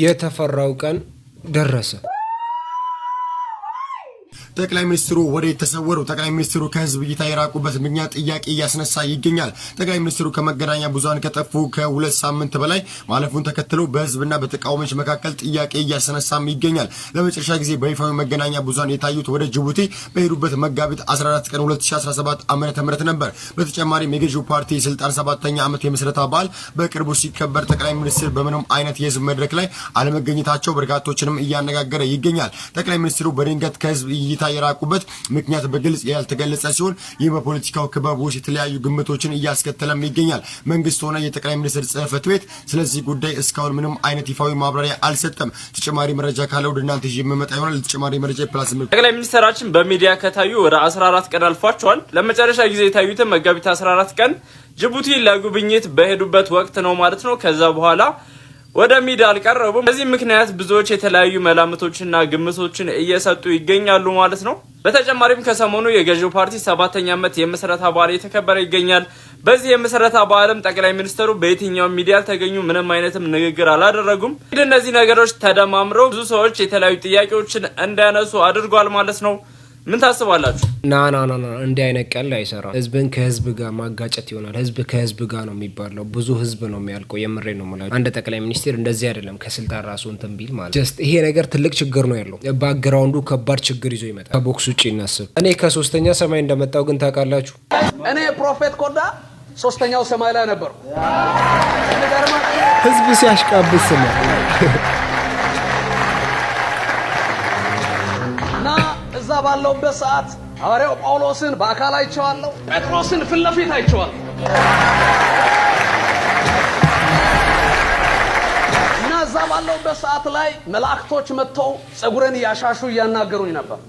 የተፈራው ቀን ደረሰ። ጠቅላይ ሚኒስትሩ ወደ የተሰወሩ ጠቅላይ ሚኒስትሩ ከህዝብ እይታ የራቁበት ምክንያት ጥያቄ እያስነሳ ይገኛል። ጠቅላይ ሚኒስትሩ ከመገናኛ ብዙሃን ከጠፉ ከሁለት ሳምንት በላይ ማለፉን ተከትሎ በህዝብና በተቃዋሚዎች መካከል ጥያቄ እያስነሳም ይገኛል። ለመጨረሻ ጊዜ በይፋዊ መገናኛ ብዙሃን የታዩት ወደ ጅቡቲ በሄዱበት መጋቢት 14 ቀን 2017 ዓ ም ነበር። በተጨማሪም የገዢው ፓርቲ የስልጣን ሰባተኛ ዓመት የምስረታ በዓል በቅርቡ ሲከበር ጠቅላይ ሚኒስትር በምንም አይነት የህዝብ መድረክ ላይ አለመገኘታቸው በርካቶችንም እያነጋገረ ይገኛል። ጠቅላይ ሚኒስትሩ በድንገት ከህዝብ እይታ ሁኔታ የራቁበት ምክንያት በግልጽ ያልተገለጸ ሲሆን ይህ በፖለቲካው ክበብ ውስጥ የተለያዩ ግምቶችን እያስከተለም ይገኛል። መንግስት ሆነ የጠቅላይ ሚኒስትር ጽህፈት ቤት ስለዚህ ጉዳይ እስካሁን ምንም አይነት ይፋዊ ማብራሪያ አልሰጠም። ተጨማሪ መረጃ ካለ ወደ እናንተ ይዤ የምመጣ ይሆናል። ለተጨማሪ መረጃ ፕላስ ጠቅላይ ሚኒስትራችን በሚዲያ ከታዩ ወደ 14 ቀን አልፏቸዋል። ለመጨረሻ ጊዜ የታዩትን መጋቢት 14 ቀን ጅቡቲ ለጉብኝት በሄዱበት ወቅት ነው ማለት ነው። ከዛ በኋላ ወደ ሚዲያ አልቀረቡም። በዚህ ምክንያት ብዙዎች የተለያዩ መላምቶችና ግምቶችን እየሰጡ ይገኛሉ ማለት ነው። በተጨማሪም ከሰሞኑ የገዢው ፓርቲ ሰባተኛ ዓመት የምስረታ በዓል እየተከበረ ይገኛል። በዚህ የምስረታ በዓልም ጠቅላይ ሚኒስትሩ በየትኛውም ሚዲያ አልተገኙ፣ ምንም አይነትም ንግግር አላደረጉም። እንግዲህ እነዚህ ነገሮች ተደማምረው ብዙ ሰዎች የተለያዩ ጥያቄዎችን እንዳያነሱ አድርጓል ማለት ነው። ምን ታስባላችሁ? ና ና ና ና እንዲህ አይነት ቀልድ አይሰራም። ህዝብን ከህዝብ ጋር ማጋጨት ይሆናል። ህዝብ ከህዝብ ጋር ነው የሚባለው። ብዙ ህዝብ ነው የሚያልቀው። የምሬ ነው የምላ አንድ ጠቅላይ ሚኒስትር እንደዚህ አይደለም ከስልጣን ራሱ እንትን ቢል ማለት ጀስት ይሄ ነገር ትልቅ ችግር ነው ያለው። ባክግራውንዱ ከባድ ችግር ይዞ ይመጣል። ከቦክስ ውጭ እናስብ። እኔ ከሶስተኛ ሰማይ እንደመጣው ግን ታውቃላችሁ፣ እኔ ፕሮፌት ኮዳ ሶስተኛው ሰማይ ላይ ነበርኩ። ህዝብ ሲያሽቃብስ ነው ባለውበት ሰዓት ሐዋርያው ጳውሎስን በአካል አይቼዋለሁ። ጴጥሮስን ፊት ለፊት አይቼዋለሁ። እና እዛ ባለውበት ሰዓት ላይ መላእክቶች መጥተው ጸጉረን እያሻሹ እያናገሩኝ ነበር።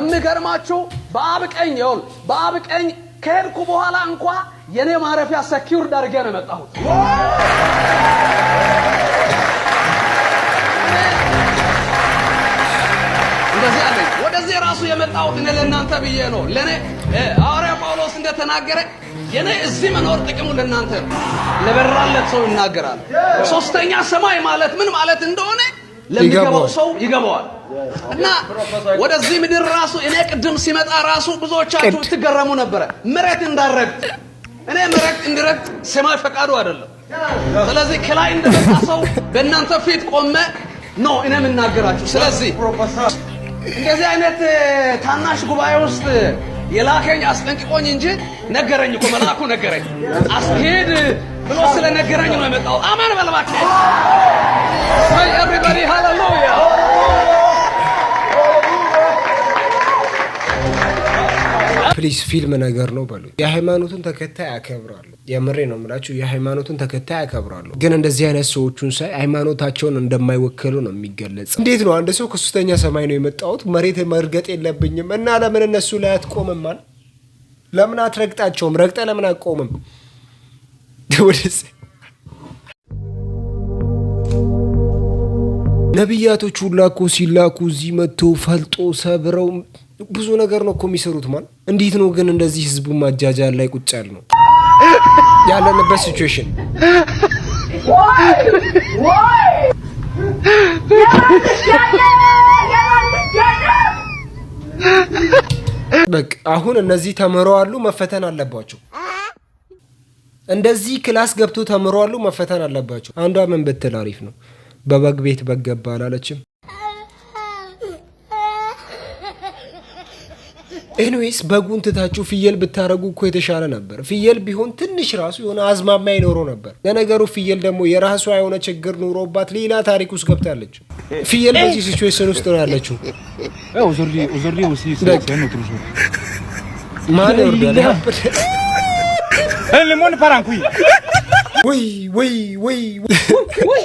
እሚገርማችሁ በአብ ቀኝ ይሁን በአብ ቀኝ ከሄድኩ በኋላ እንኳ የእኔ ማረፊያ ሰኪውር ዳርጌ ነው የመጣሁት። እንደዚህ ስለዚህ ራሱ የመጣሁት እኔ ለእናንተ ብዬ ነው። ለእኔ ሐዋርያ ጳውሎስ እንደተናገረ የኔ እዚህ መኖር ጥቅሙ ለእናንተ ነው። ለበራለት ሰው ይናገራል። ሶስተኛ ሰማይ ማለት ምን ማለት እንደሆነ ለሚገባው ሰው ይገባዋል። እና ወደዚህ ምድር ራሱ እኔ ቅድም ሲመጣ ራሱ ብዙዎቻችሁ ትገረሙ ነበረ። መሬት እንዳረግጥ እኔ መሬት እንድረግጥ ሰማይ ፈቃዱ አይደለም። ስለዚህ ከላይ እንደመጣ ሰው በእናንተ ፊት ቆመ ነው እኔ የምናገራችሁ። ስለዚህ እንደዚህ አይነት ታናሽ ጉባኤ ውስጥ የላከኝ አስጠንቅቆኝ እንጂ ነገረኝ እኮ መልአኩ ነገረኝ። አስሄድ ብሎ ስለነገረኝ ነው የመጣው። አማን በለባክ ኤቭሪባዲ ሃሌሉያ ፕሊስ ፊልም ነገር ነው በሉ። የሃይማኖቱን ተከታይ አከብራሉ። የምሬ ነው ምላቸው የሃይማኖቱን ተከታይ አከብራሉ። ግን እንደዚህ አይነት ሰዎቹን ሳይ ሃይማኖታቸውን እንደማይወክሉ ነው የሚገለጽ። እንዴት ነው አንድ ሰው ከሶስተኛ ሰማይ ነው የመጣሁት መሬት መርገጥ የለብኝም እና ለምን እነሱ ላይ አትቆምም? ለምን አትረግጣቸውም? ረግጠ ለምን አትቆምም? ነቢያቶች ሁላ እኮ ሲላኩ እዚህ መጥተው ፈልጦ ሰብረው ብዙ ነገር ነው እኮ የሚሰሩት። ማን እንዴት ነው ግን እንደዚህ ህዝቡ ማጃጃ ላይ ቁጭ ያለ ነው ያለንበት ሲትዌሽን? በቃ አሁን እነዚህ ተምረዋሉ መፈተን አለባቸው። እንደዚህ ክላስ ገብቶ ተምረዋሉ መፈተን አለባቸው። አንዷ ምን ብትል አሪፍ ነው? በበግ ቤት በግ ገባ አላለችም? ኤኒዌይስ በጉን ትታችሁ ፍየል ብታረጉ እኮ የተሻለ ነበር። ፍየል ቢሆን ትንሽ ራሱ የሆነ አዝማማ ይኖረ ነበር። ለነገሩ ፍየል ደግሞ የራሷ የሆነ ችግር ኑሮባት ሌላ ታሪክ ውስጥ ገብታለች። ፍየል በዚህ ሲቹዌሽን ውስጥ ነው ያለችው። ማን ፓራንኩ ወይ ወይ ወይ ወይ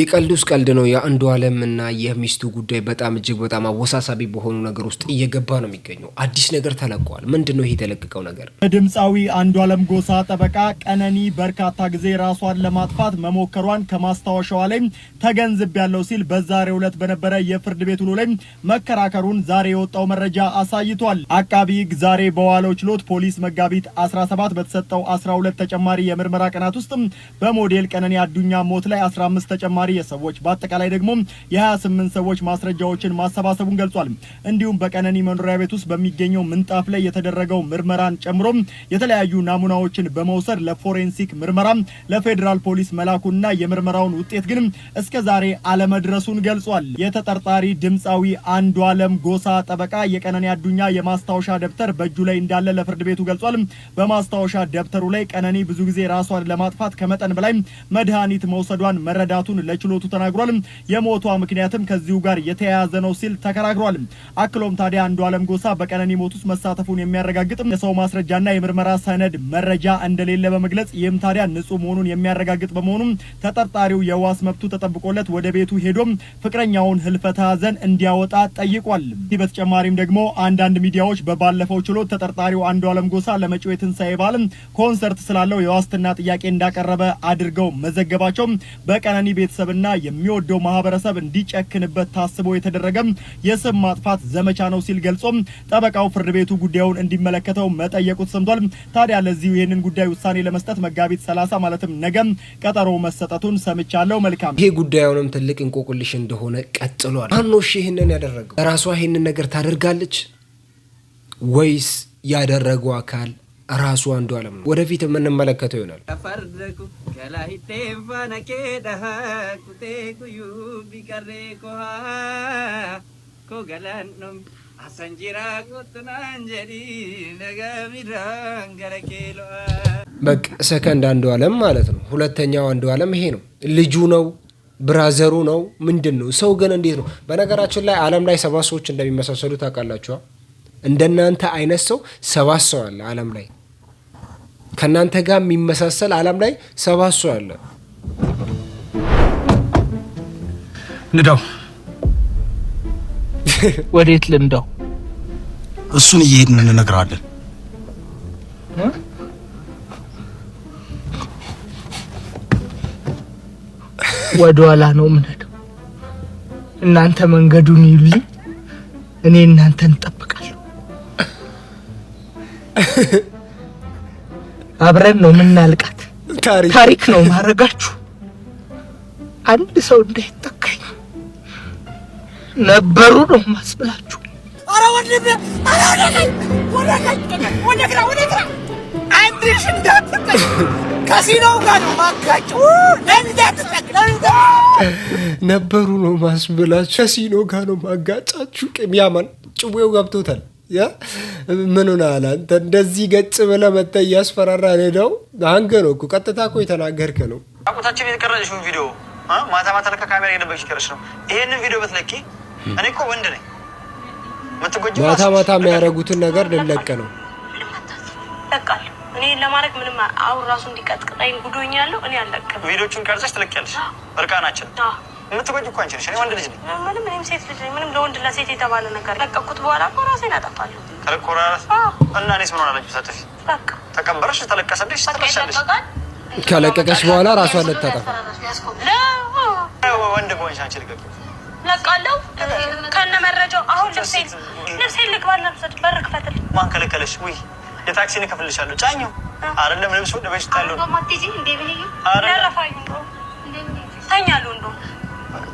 የቀልዱስ ቀልድ ነው። የአንዱ አለም እና የሚስቱ ጉዳይ በጣም እጅግ በጣም አወሳሳቢ በሆኑ ነገር ውስጥ እየገባ ነው የሚገኘው። አዲስ ነገር ተለቋል ምንድን ነው ይሄ የተለቀቀው ነገር? ድምፃዊ አንዱ አለም ጎሳ ጠበቃ ቀነኒ በርካታ ጊዜ ራሷን ለማጥፋት መሞከሯን ከማስታወሻዋ ላይ ተገንዝብ ያለው ሲል በዛሬ ዕለት በነበረ የፍርድ ቤት ውሎ ላይ መከራከሩን ዛሬ የወጣው መረጃ አሳይቷል። አቃቢ ዛሬ በዋለው ችሎት ፖሊስ መጋቢት 17 በተሰጠው 12 ተጨማሪ የምርመራ ቀናት ውስጥ በሞዴል ቀነኒ አዱኛ ሞት ላይ 15 ተጨማሪ ተጨማሪ የሰዎች በአጠቃላይ ደግሞ የ28 ሰዎች ማስረጃዎችን ማሰባሰቡን ገልጿል። እንዲሁም በቀነኒ መኖሪያ ቤት ውስጥ በሚገኘው ምንጣፍ ላይ የተደረገው ምርመራን ጨምሮ የተለያዩ ናሙናዎችን በመውሰድ ለፎሬንሲክ ምርመራ ለፌዴራል ፖሊስ መላኩና የምርመራውን ውጤት ግን እስከ ዛሬ አለመድረሱን ገልጿል። የተጠርጣሪ ድምፃዊ አንዱ አለም ጎሳ ጠበቃ የቀነኒ አዱኛ የማስታወሻ ደብተር በእጁ ላይ እንዳለ ለፍርድ ቤቱ ገልጿል። በማስታወሻ ደብተሩ ላይ ቀነኒ ብዙ ጊዜ ራሷን ለማጥፋት ከመጠን በላይ መድኃኒት መውሰዷን መረዳቱን ችሎቱ ተናግሯል። የሞቷ ምክንያትም ከዚሁ ጋር የተያያዘ ነው ሲል ተከራክሯል። አክሎም ታዲያ አንዱ አለም ጎሳ በቀነኒ ሞት ውስጥ መሳተፉን የሚያረጋግጥ የሰው ማስረጃና የምርመራ ሰነድ መረጃ እንደሌለ በመግለጽ ይህም ታዲያ ንጹህ መሆኑን የሚያረጋግጥ በመሆኑ ተጠርጣሪው የዋስ መብቱ ተጠብቆለት ወደ ቤቱ ሄዶም ፍቅረኛውን ህልፈተ ሐዘን እንዲያወጣ ጠይቋል። ይህ በተጨማሪም ደግሞ አንዳንድ ሚዲያዎች በባለፈው ችሎት ተጠርጣሪው አንዱ አለም ጎሳ ለመጪው የትንሳኤ በዓል ኮንሰርት ስላለው የዋስትና ጥያቄ እንዳቀረበ አድርገው መዘገባቸው በቀነኒ ቤተሰብ ማህበረሰብና የሚወደው ማህበረሰብ እንዲጨክንበት ታስቦ የተደረገም የስም ማጥፋት ዘመቻ ነው ሲል ገልጾ ጠበቃው ፍርድ ቤቱ ጉዳዩን እንዲመለከተው መጠየቁ ተሰምቷል። ታዲያ ለዚሁ ይህንን ጉዳይ ውሳኔ ለመስጠት መጋቢት ሰላሳ ማለትም ነገም ቀጠሮ መሰጠቱን ሰምቻለሁ። መልካም ይሄ ጉዳዩንም ትልቅ እንቆቅልሽ እንደሆነ ቀጥሏል። አኖሽ ይህንን ያደረገው ራሷ ይህንን ነገር ታደርጋለች ወይስ ያደረገው አካል ራሱ አንዱ አለም ነው። ወደፊት የምንመለከተው ይሆናል። በቃ ሰከንድ አንዱ አለም ማለት ነው። ሁለተኛው አንዱ አለም ይሄ ነው። ልጁ ነው ብራዘሩ ነው ምንድን ነው ሰው ግን እንዴት ነው? በነገራችን ላይ አለም ላይ ሰባት ሰዎች እንደሚመሳሰሉ ታውቃላችኋ? እንደናንተ አይነት ሰው ሰባት ሰው አለ አለም ላይ ከእናንተ ጋር የሚመሳሰል አለም ላይ ሰባ አለ። ንዳው፣ ወዴት ልንዳው? እሱን እየሄድን እንነግራለን። ወደ ኋላ ነው የምንሄደው። እናንተ መንገዱን ይዩልኝ፣ እኔ እናንተን እጠብቃለሁ። አብረን ነው የምናልቃት። ታሪክ ነው ማድረጋችሁ። አንድ ሰው እንዳይጠቃኝ ነበሩ ነው ማስብላችሁ። ኧረ ወደ ወደ ግራ ወደ ግራ አንድሽ እንዳትጠቅ ከሲኖው ጋር ማጋጨው ነበሩ ነው ማስብላችሁ። ከሲኖ ጋር ነው ማጋጫችሁ። ቅም ያማን ጭዌው ገብቶታል። ምን ሆነሃል አንተ? እንደዚህ ገጭ ብለህ መተህ እያስፈራራህ ነው። አንገ ነው እኮ ቀጥታ እኮ የተናገርከ ነው። አቁታችን የቀረጽሽውን ቪዲዮ ማታ ማታ ለካ ካሜራ የደበቅሽ ቀረሽ ነው። ይሄንን ቪዲዮ ብትለቂ እኔ እኮ ወንድ ነኝ። ማታ ማታ የሚያደርጉትን ነገር ልለቅ ነው። ለቃለሁ እኔ ለማድረግ ምንም አሁን ራሱ እንዲቀጥቅጠኝ ጉዶኛለሁ። እኔ አልለቅም። ቪዲዮቹን ቀርጸሽ ትለቂያለሽ እርቃናችን የምትጎጂ እኮ አንቺ ነሽ። እኔ ወንድ ልጅ ነኝ። ምንም እኔም ሴት ልጅ ነኝ። ምንም ለወንድ ለሴት የተባለ ነገር ለቀኩት በኋላ እኮ ራሴን አጠፋለሁ። ከልኮራራስ እና እኔስ ምን ሆናለች? ተቀበረሽ፣ ተለቀሰልሽ፣ በኋላ ራሷ ልታጠፋ ወንድ ከሆንሽ አንቺ ከነ መረጃው። አሁን ልግባል። በር ማን ከለከለሽ? ውይ የታክሲን እከፍልሻለሁ። ጫኘው አይደለም ልብሱ እንደውም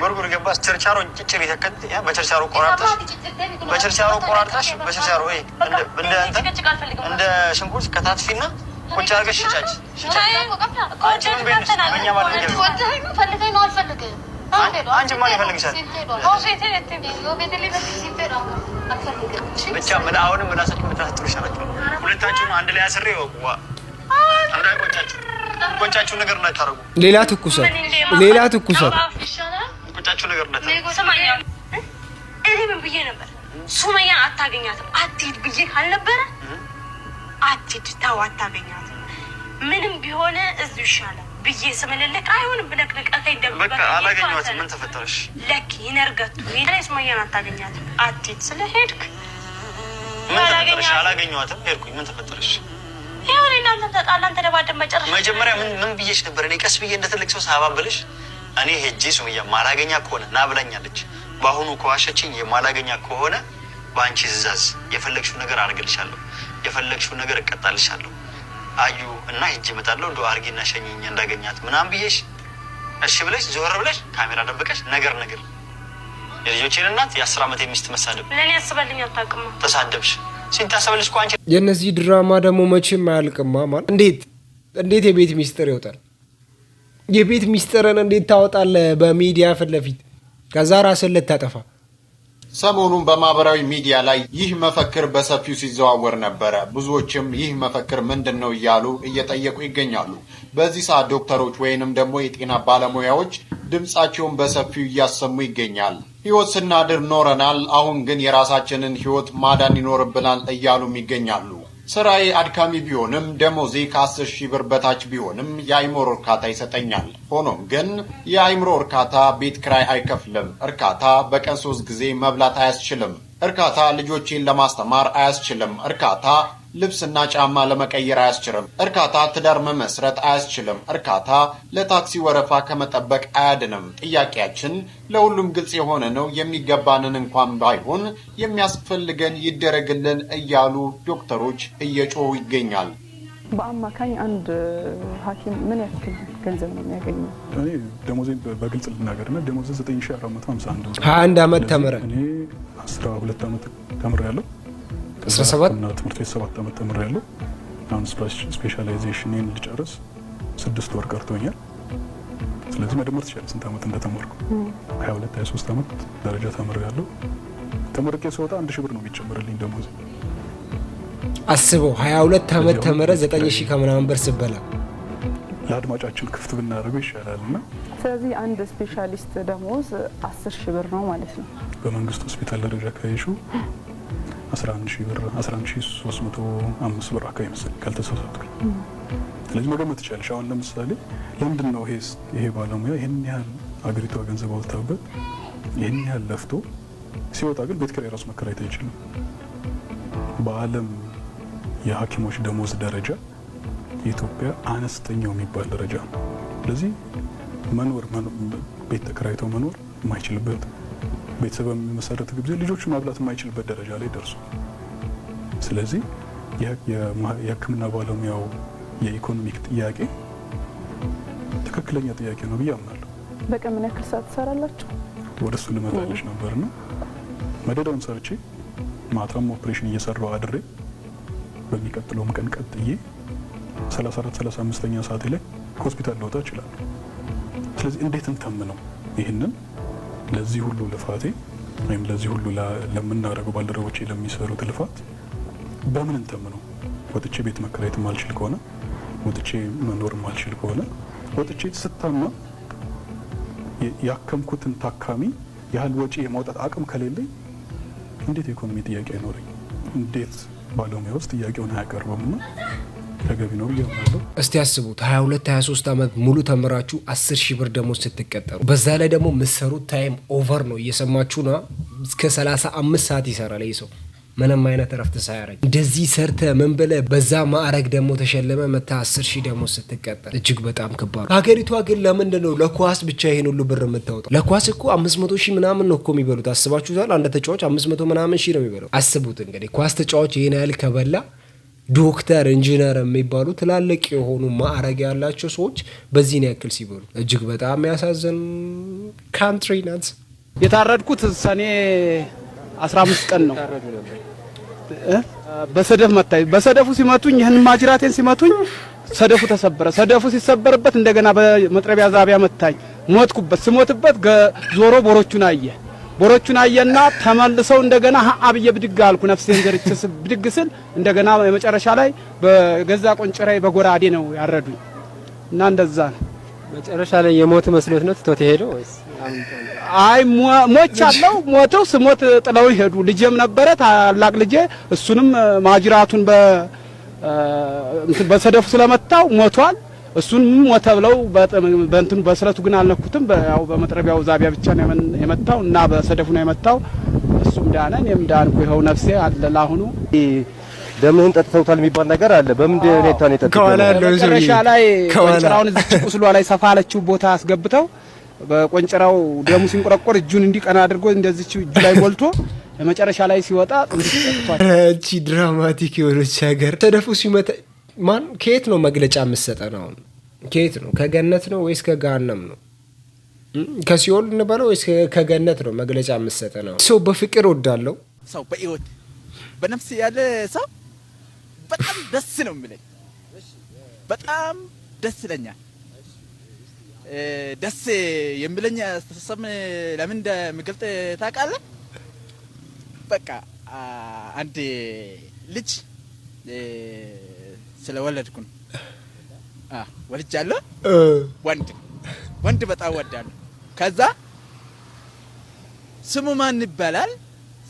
ጉርጉር ገባስ ቸርቻሮ ጭጭር የተከል በቸርቻሮ ቆራርጠሽ በቸርቻሮ ቆራርጠሽ በቸርቻሮ እንደ ሽንኩርት ከታትፊና ቁጭ አድርገሽ ሽጫች። አንቺ ማን ይፈልግሻል? ብቻ ምን አሁንም ምን አሳጭ የምታሳጥሩ ሁለታችሁም አንድ ላይ አስሬ የሚቆጫችሁ ነገር እንዳታረጉ። ሌላ ትኩሳት፣ ሌላ ትኩሳት። የሚቆጫችሁ ነገር እኔ ምን ብዬ ነበር? ሱመያን አታገኛትም አትሂድ ብዬ ካልነበረ አትሂድ ተው፣ አታገኛትም ምንም ቢሆን እዚሁ ይሻላል ብዬ ስምልልክ አይሆንም ብለክ ንቀተኝ ደብበ አላገኘኋትም። ምን ተፈጠረሽ? ለክ ይነርገቱ ላይ ሱመያን አታገኛትም አትሂድ ስለሄድክ ሄድክ አላገኘኋትም ሄድኩኝ። ምን ተፈጠረሽ? ይሁን እናንተ ተጣላን ተደባደብ መጨረሻ መጀመሪያ ምን ምን ብዬሽ ነበር? እኔ ቀስ ብዬ እንደ ሰው ሳባብልሽ እኔ ሄጄ ሱመያ ማላገኛ ከሆነ ና ብላኛለች። በአሁኑ ከዋሸችኝ የማላገኛ ከሆነ በአንቺ ትዕዛዝ የፈለግሽው ነገር አድርግልሻለሁ፣ የፈለግሽው ነገር እቀጣልሻለሁ። አዩ እና ሄጄ እመጣለሁ እንደ አድርጊና ሸኝኝ እንዳገኛት ምናምን ብዬሽ እሺ ብለሽ ዞር ብለሽ ካሜራ ደብቀሽ ነገር ነገር የልጆቼን እናት የአስር ዓመት የሚስት መሳደብ ለእኔ ያስባልኝ አታውቅም። ተሳደብሽ ሲታሰብልሽ አንቺ የእነዚህ ድራማ ደግሞ መቼም አያልቅማ። ማለት እንዴት እንዴት የቤት ሚስጥር ይወጣል? የቤት ሚስጥርን እንዴት ታወጣለህ በሚዲያ ፊት ለፊት ከዛ ራስን ልታጠፋ። ሰሞኑን በማህበራዊ ሚዲያ ላይ ይህ መፈክር በሰፊው ሲዘዋወር ነበረ። ብዙዎችም ይህ መፈክር ምንድን ነው እያሉ እየጠየቁ ይገኛሉ። በዚህ ሰዓት ዶክተሮች ወይንም ደግሞ የጤና ባለሙያዎች ድምፃቸውን በሰፊው እያሰሙ ይገኛል። ሕይወት ስናድር ኖረናል፣ አሁን ግን የራሳችንን ሕይወት ማዳን ይኖርብናል እያሉም ይገኛሉ። ስራዬ አድካሚ ቢሆንም ደሞዜ ከአስር ሺህ ብር በታች ቢሆንም የአይምሮ እርካታ ይሰጠኛል። ሆኖም ግን የአይምሮ እርካታ ቤት ክራይ አይከፍልም። እርካታ በቀን ሶስት ጊዜ መብላት አያስችልም። እርካታ ልጆቼን ለማስተማር አያስችልም። እርካታ ልብስና ጫማ ለመቀየር አያስችልም። እርካታ ትዳር መመስረት አያስችልም። እርካታ ለታክሲ ወረፋ ከመጠበቅ አያድንም። ጥያቄያችን ለሁሉም ግልጽ የሆነ ነው። የሚገባንን እንኳን ባይሆን የሚያስፈልገን ይደረግልን እያሉ ዶክተሮች እየጮሁ ይገኛል። በአማካኝ አንድ ሐኪም ምን ያክል ገንዘብ ነው የሚያገኘው? እኔ ደሞዜ በግልጽ ልናገር ነው። ደሞዜ 9451 አንድ አመት ተምረ እኔ 12 ዓመት ተምር ያለው 17 ትምህርት ቤት ሰባት ዓመት ተምሬያለሁ። አሁን ስፔሻላይዜሽን ልጨርስ ስድስት ወር ቀርቶኛል። ስለዚህ መደመር ትችላል ስንት ዓመት እንደተማርኩ። 22 ሶስት ዓመት ደረጃ ተምር ያለው ተመርቄ ስወጣ አንድ ሺህ ብር ነው የሚጨምርልኝ ደሞዝ። አስበው ሀያ ሁለት ዓመት ተምረህ 9000 ከምናምን ብር ስትበላ ለአድማጫችን ክፍት ብናደርገው ይሻላል እና ስለዚህ አንድ ስፔሻሊስት ደሞዝ አስር ሺህ ብር ነው ማለት ነው በመንግስት ሆስፒታል ደረጃ ካየሽው 11 ብር 11305 ብር አካባቢ መሰለኝ ካልተሳሳትኩኝ። ስለዚህ መገመት ትችላለሽ። አሁን ለምሳሌ ለምንድን ነው ይሄ ባለሙያ ይህን ያህል አገሪቷ ገንዘብ አውጥታበት ይህን ያህል ለፍቶ ሲወጣ ግን ቤት ኪራይ ራሱ መከራየት አይችልም? በዓለም የሐኪሞች ደሞዝ ደረጃ የኢትዮጵያ አነስተኛው የሚባል ደረጃ ነው። ስለዚህ መኖር ቤት ተከራይቶ መኖር የማይችልበት ቤተሰብ በሚመሰረት ጊዜ ልጆቹ ማብላት የማይችልበት ደረጃ ላይ ደርሱ። ስለዚህ የሕክምና ባለሙያው የኢኮኖሚክ ጥያቄ ትክክለኛ ጥያቄ ነው ብዬ አምናለሁ። በቀን ምን ያክል ሰዓት ትሰራላችሁ? ወደ እሱ ልመጣለች ነበር ነው መደዳውን ሰርቼ ማታም ኦፕሬሽን እየሰራው አድሬ በሚቀጥለውም ቀን ቀጥዬ 34 35ኛ ሰዓት ላይ ሆስፒታል ልወጣ እችላለሁ። ስለዚህ እንዴት እንተምነው ይህንን ለዚህ ሁሉ ልፋቴ ወይም ለዚህ ሁሉ ለምናደርገው ባልደረቦቼ ለሚሰሩት ልፋት በምን እንተም ነው? ወጥቼ ቤት መከራየት ማልችል ከሆነ ወጥቼ መኖር ማልችል ከሆነ ወጥቼ ስታማ ያከምኩትን ታካሚ ያህል ወጪ የማውጣት አቅም ከሌለኝ እንዴት የኢኮኖሚ ጥያቄ አይኖረኝ? እንዴት ባለሙያ ውስጥ ጥያቄውን አያቀርበምና ተገቢ ነው ብዬ አምናለሁ። እስቲ ያስቡት 22 23 ዓመት ሙሉ ተምራችሁ 10 ሺህ ብር ደሞዝ ስትቀጠሩ፣ በዛ ላይ ደግሞ ምሰሩ ታይም ኦቨር ነው። እየሰማችሁ ነ እስከ 35 ሰዓት ይሰራል ይህ ሰው ምንም አይነት እረፍት ሳያረግ እንደዚህ ሰርተ ምን ብለ በዛ ማዕረግ ደግሞ ተሸለመ መታ አስር ሺህ ደግሞ ስትቀጠል እጅግ በጣም ክባሩ። ሀገሪቷ ግን ለምንድን ነው ለኳስ ብቻ ይሄን ሁሉ ብር የምታወጣው? ለኳስ እኮ አምስት መቶ ሺህ ምናምን ነው እኮ የሚበሉት። አስባችሁታል? አንድ ተጫዋች አምስት መቶ ምናምን ሺህ ነው የሚበሉት። አስቡት እንግዲህ ኳስ ተጫዋች ይህን ያህል ከበላ ዶክተር፣ ኢንጂነር የሚባሉ ትላልቅ የሆኑ ማዕረግ ያላቸው ሰዎች በዚህን ያክል ሲበሉ እጅግ በጣም የሚያሳዝን ካንትሪ ናት። የታረድኩት ሰኔ 15 ቀን ነው። በሰደፍ መታኝ። በሰደፉ ሲመቱኝ፣ ይህን ማጅራቴን ሲመቱኝ ሰደፉ ተሰበረ። ሰደፉ ሲሰበርበት እንደገና በመጥረቢያ ዛቢያ መታኝ። ሞትኩበት። ስሞትበት ዞሮ ቦሮቹን አየ። ቦሮቹን አየና ተመልሰው እንደገና አብዬ ብድግ አልኩ። ነፍሴን ዘርቼስ ብድግ ስል እንደገና የመጨረሻ ላይ በገዛ ቆንጭራይ በጎራዴ ነው ያረዱኝ እና እንደዛ ነው። መጨረሻ ላይ የሞት መስሎት ነው ትቶት የሄደው ወይስ? አይ ሞች አለው ሞተው ስሞት ጥለው ይሄዱ። ልጄም ነበረ ታላቅ ልጄ፣ እሱንም ማጅራቱን በሰደፉ ስለመታው ሞቷል። እሱን ሞተ ብለው በእንትኑ በስለቱ ግን አልነኩትም። ያው በመጥረቢያው ዛቢያ ብቻ ነው የመታው እና በሰደፉ ነው የመታው። እሱም ዳነ፣ እኔም ዳንኩ። ይኸው ነፍሴ አለ። ለአሁኑ ደምህን ጠጥተውታል የሚባል ነገር አለ። በምንድን ሁኔታ ነው የጠጡት? መጨረሻ ላይ ቆንጭራውን እዚች ቁስሏ ላይ ሰፋ አለችው ቦታ አስገብተው በቆንጭራው ደሙ ሲንቆረቆር እጁን እንዲቀና አድርጎ እንደዚች እጁ ላይ ጎልቶ መጨረሻ ላይ ሲወጣ ጥንት ጠጥቷል። ድራማቲክ የሆነች ሀገር ሰደፉ ሲመታ ማን ከየት ነው መግለጫ የምትሰጠን? አሁን ከየት ነው? ከገነት ነው ወይስ ከገሃነም ነው? ከሲኦል እንበለው ወይስ ከገነት ነው መግለጫ የምትሰጠን? አሁን ሰው በፍቅር ወዳለው ሰው በህይወት በነፍስ ያለ ሰው በጣም ደስ ነው የሚለኝ። በጣም ደስ ይለኛል። ደስ የሚለኝ አስተሳሰብ ለምን እንደምገልጥ ታውቃለህ? በቃ አንድ ልጅ ስለወለድኩ ነው። ወልጃለሁ። ወንድ ወንድ በጣም ወዳለሁ። ከዛ ስሙ ማን ይባላል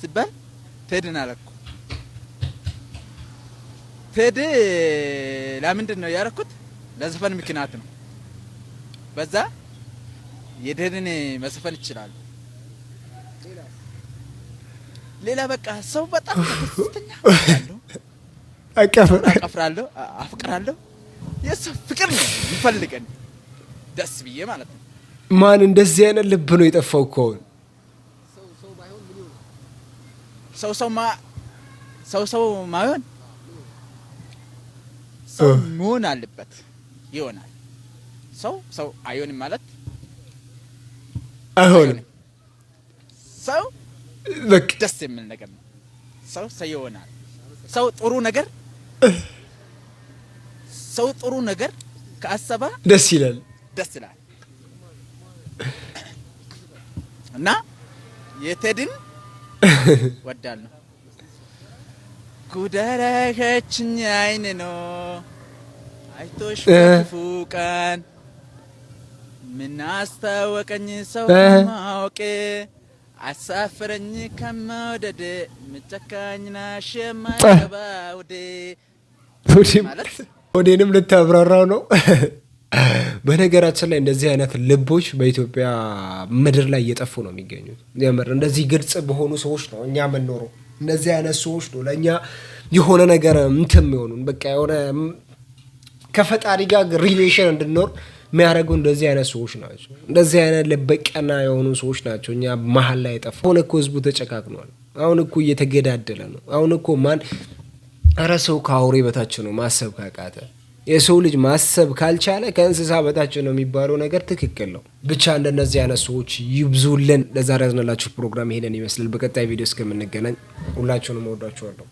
ሲባል ቴድን አለኩ። ቴድ ለምንድን ነው ያደረኩት? ለዘፈን ምክንያት ነው። በዛ የቴድን መዘፈን ይችላሉ። ሌላ በቃ ሰው በጣም ደስተኛ ያለው አቀፍራለሁ፣ አፍቅራለሁ። የእሱ ፍቅር ነው ደስ ብዬ ማለት ነው። ማን እንደዚህ አይነት ልብ ነው የጠፋው እኮ ሰው ሰው ሰው ሰው ማይሆን ሰው መሆን አለበት ይሆናል። ሰው ሰው አይሆንም ማለት አይሆንም። ሰው ደስ የሚል ነገር ነው። ሰው ሰው ይሆናል። ሰው ጥሩ ነገር ሰው ጥሩ ነገር ከአሰባ ደስ ይላል፣ ደስ ይላል። እና የቴድን ወዳለሁ። ጉደረኸችኝ አይን ነው አይቶሽ ክፉ ቀን ምናስታወቀኝ ሰው ማወቄ አሳፍረኝ ከመውደድ ምጨካኝና ሸማገባ ውዴ ወዴንም ልታብራራው ነው። በነገራችን ላይ እንደዚህ አይነት ልቦች በኢትዮጵያ ምድር ላይ እየጠፉ ነው የሚገኙት። የምር እንደዚህ ግልጽ በሆኑ ሰዎች ነው እኛ የምንኖረው። እንደዚህ አይነት ሰዎች ነው ለእኛ የሆነ ነገር እንትን የሚሆኑን በቃ የሆነ ከፈጣሪ ጋር ሪሌሽን እንድኖር የሚያደርጉ እንደዚህ አይነት ሰዎች ናቸው። እንደዚህ አይነት ልበቀና የሆኑ ሰዎች ናቸው እኛ መሀል ላይ የጠፉ። አሁን እኮ ህዝቡ ተጨካክኗል። አሁን እኮ እየተገዳደለ ነው። አሁን እኮ ማን እረ ሰው ከአውሬ በታች ነው ማሰብ ካቃተ የሰው ልጅ ማሰብ ካልቻለ ከእንስሳ በታች ነው የሚባለው ነገር ትክክል ነው። ብቻ እንደነዚህ አይነት ሰዎች ይብዙልን። ለዛሬ ያዝነላችሁ ፕሮግራም ይሄንን ይመስላል። በቀጣይ ቪዲዮ እስከምንገናኝ ሁላችሁንም ወዷችኋለሁ።